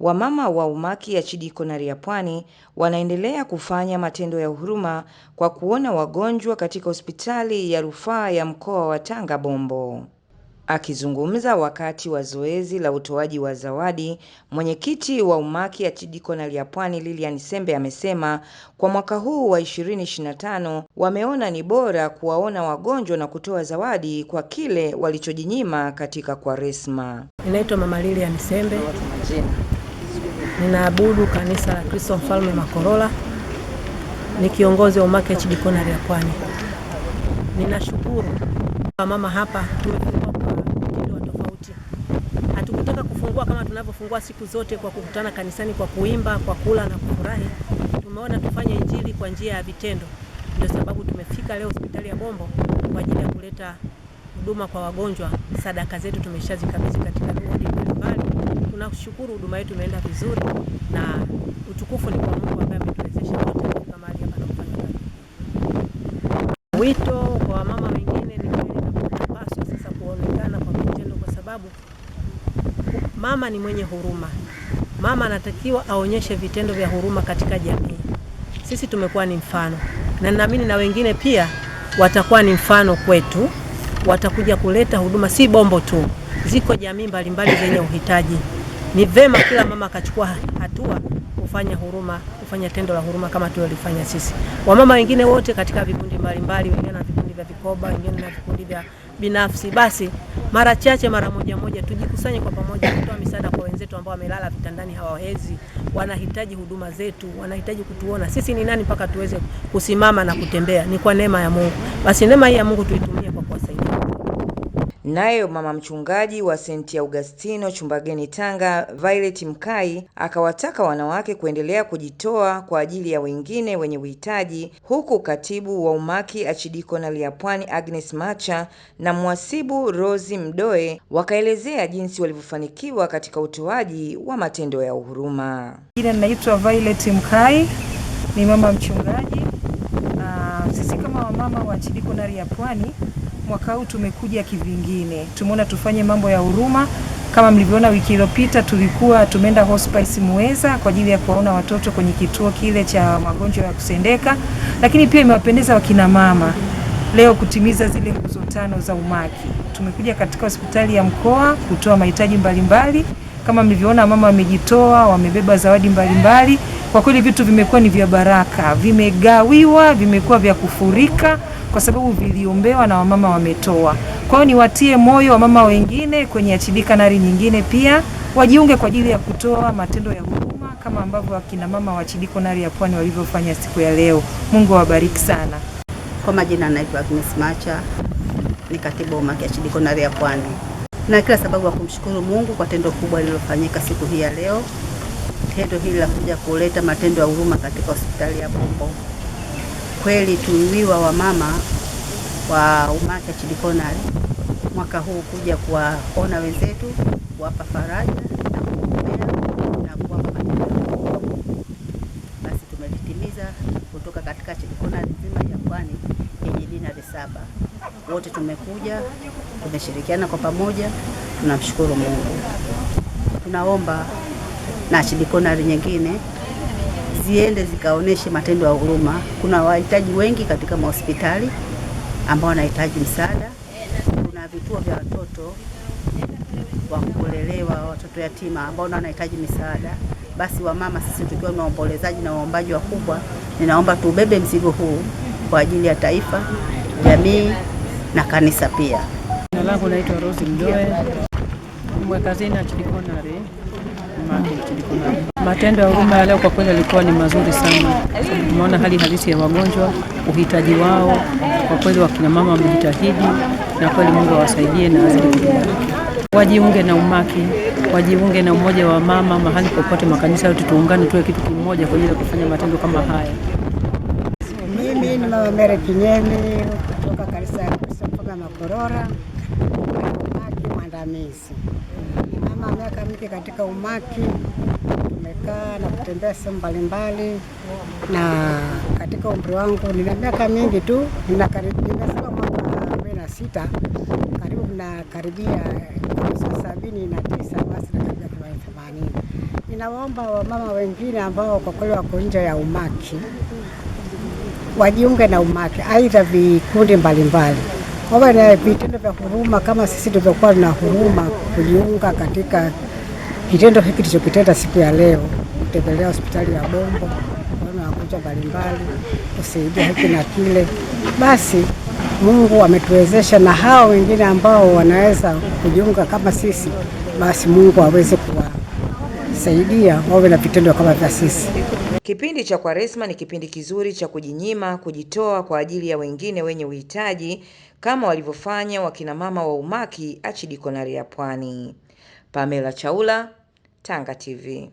Wamama wa Umaki ya Chidikonari ya Pwani wanaendelea kufanya matendo ya huruma kwa kuona wagonjwa katika hospitali ya rufaa ya mkoa wa Tanga Bombo. Akizungumza wakati wa zoezi la utoaji wa zawadi, mwenyekiti wa Umaki ya Chidikonari ya Pwani Lilian Sembe amesema kwa mwaka huu wa 2025 wameona ni bora kuwaona wagonjwa na kutoa zawadi kwa kile walichojinyima katika Kwaresma. Ninaitwa Mama Lilian Sembe. Ninaabudu kanisa la Kristo Mfalme Makorola, ni kiongozi wa Umaki Dikonari ya Pwani. Ninashukuru kwa mama hapa tumefungua kwa mtindo tofauti. Hatukutaka kufungua kama tunavyofungua siku zote kwa kukutana kanisani kwa kuimba, kwa kula na kufurahi. Tumeona tufanye injili kwa njia ya vitendo. Ndio sababu tumefika leo hospitali ya Bombo kwa ajili ya kuleta huduma kwa wagonjwa. Sadaka zetu tumeshazikabidhi katika tunashukuru huduma yetu imeenda vizuri na utukufu ni kwa Mungu ambaye ametuwezesha wote kufika mahali hapa na kufanya kazi. Wito kwa wamama wengine ni napaswa sasa kuonekana kwa vitendo, kwa sababu mama ni mwenye huruma. Mama anatakiwa aonyeshe vitendo vya huruma katika jamii. Sisi tumekuwa ni mfano, na naamini na wengine pia watakuwa ni mfano kwetu, watakuja kuleta huduma, si Bombo tu, ziko jamii mbalimbali zenye uhitaji ni vema kila mama akachukua hatua kufanya huruma, kufanya tendo la huruma kama tulilofanya sisi. Wamama wengine wote katika vikundi mbalimbali, wengine na vikundi vya vikoba, wengine na vikundi vya binafsi, basi mara chache, mara moja moja, tujikusanye kwa pamoja kutoa misaada kwa wenzetu ambao wamelala vitandani, hawawezi, wanahitaji huduma zetu, wanahitaji kutuona sisi ni nani mpaka tuweze kusimama na kutembea. Ni kwa neema ya Mungu, basi neema hii ya Mungu tuitumie. Naye mama mchungaji wa St. Augustino Chumbageni Tanga, Violet Mkai akawataka wanawake kuendelea kujitoa kwa ajili ya wengine wenye uhitaji, huku katibu wa Umaki Archidiocese ya Pwani Agnes Macha na mwasibu rosi Mdoe wakaelezea jinsi walivyofanikiwa katika utoaji wa matendo ya uhuruma. Jina linaitwa Violet Mkai, ni mama mchungaji. Uh, sisi kama wamama wa Archidiocese ya Pwani Mwaka huu tumekuja kivingine, tumeona tufanye mambo ya huruma. Kama mlivyoona wiki iliyopita, tulikuwa tumeenda hospice Muheza kwa ajili ya kuwaona watoto kwenye kituo kile cha magonjwa ya kusendeka, lakini pia imewapendeza wakina mama leo kutimiza zile nguzo tano za umaki. Tumekuja katika hospitali ya mkoa kutoa mahitaji mbalimbali kama mlivyoona, mama wamejitoa, wamebeba zawadi mbalimbali mbali. Kwa kweli vitu vimekuwa ni vya baraka, vimegawiwa, vimekuwa vya kufurika kwa sababu viliombewa na wamama wametoa. Kwa hiyo niwatie moyo wamama wengine kwenye achibika nari nyingine pia wajiunge kwa ajili ya kutoa matendo ya huruma kama ambavyo akina mama wa Chidiko Nari ya Pwani walivyofanya siku ya leo. Mungu awabariki sana. Kwa majina naitwa Agnes Macha, ni katibu wa umaki ya Chidiko Nari ya Pwani na kila sababu ya kumshukuru Mungu kwa tendo kubwa lililofanyika siku hii ya leo, tendo hili la kuja kuleta matendo ya huruma katika hospitali ya Bombo. Kweli tuiwiwa wamama wa umata chilikonari mwaka huu kuja kuwaona wenzetu, kuwapa faraja na kuombea na kuwapa matendo, basi tumelitimiza kutoka katika Childrenary nzima ya Pwani yenye dinari saba wote tumekuja tumeshirikiana kwa pamoja, tunamshukuru Mungu. Tunaomba na shidikonari nyingine ziende zikaoneshe matendo ya huruma. Kuna wahitaji wengi katika mahospitali ambao wanahitaji msaada. Kuna vituo vya watoto wa kulelewa, watoto yatima ambao wanahitaji misaada. Basi wamama, sisi tukiwa ni waombolezaji na waombaji wakubwa, ninaomba tuubebe mzigo huu kwa ajili ya taifa, jamii na kanisa pia. Jina langu naitwa Rose Mjoe Mwekazina Chidikonari Matendo ya huruma ya leo kwa kweli yalikuwa ni mazuri sana. Tumeona hali halisi ya wagonjwa, uhitaji wao, kwa kweli wakina mama wamejitahidi, na kweli Mungu awasaidie na azidi Wajiunge na umaki, wajiunge na umoja wa mama mahali popote, makanisa yote tuungane, tuwe kitu kimoja kwa ajili ya kufanya matendo kama haya. Mimi ni mama Mary Kinyeni kutoka kanisa Baba Makorora umaki mwandamizi. Mama miaka mingi katika umaki, tumekaa na kutembea sehemu mbalimbali, na katika umri wangu nina miaka mingi tu, sasa mwaka arobaini na sita, karibu na karibia sabini na tisa, basi nakaribia themanini. Ninawaomba wamama wengine ambao kwa kweli wako nje ya umaki wajiunge na umaki, aidha vikundi mbalimbali mbali wawe na vitendo vya huruma kama sisi tulivyokuwa na huruma kujiunga katika kitendo hiki tulichokitenda siku ya leo, kutembelea hospitali ya Bombo na wagonjwa mbalimbali, kusaidia hiki na kile. Basi Mungu ametuwezesha na hao wengine ambao wanaweza kujiunga kama sisi, basi Mungu aweze kuwasaidia wawe na vitendo kama vya sisi. Kipindi cha Kwaresma ni kipindi kizuri cha kujinyima, kujitoa kwa ajili ya wengine wenye uhitaji kama walivyofanya wakina mama wa Umaki, Achidikonari ya Pwani. Pamela Chaula, Tanga TV.